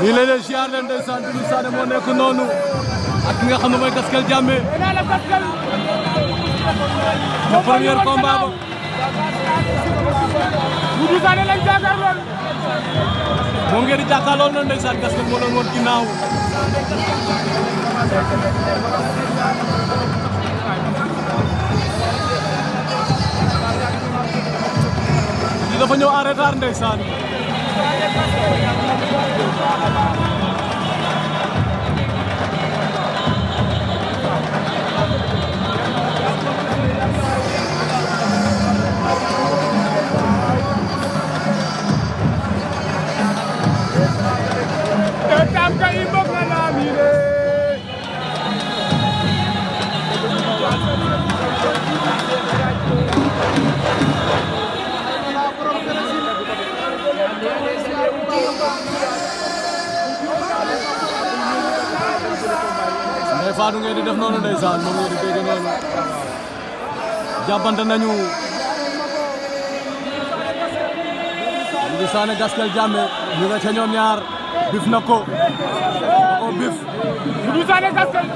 nii la leen ziar leen xam ne mooy Gaskel Jammeh le premier combat ba ndeysaan Fatou ngeen di def noonu ndeysaan nañu Doudou Sané Gaskel Diamé ñu nga ca ñoom ñaar bif na ko ko bif Gaskel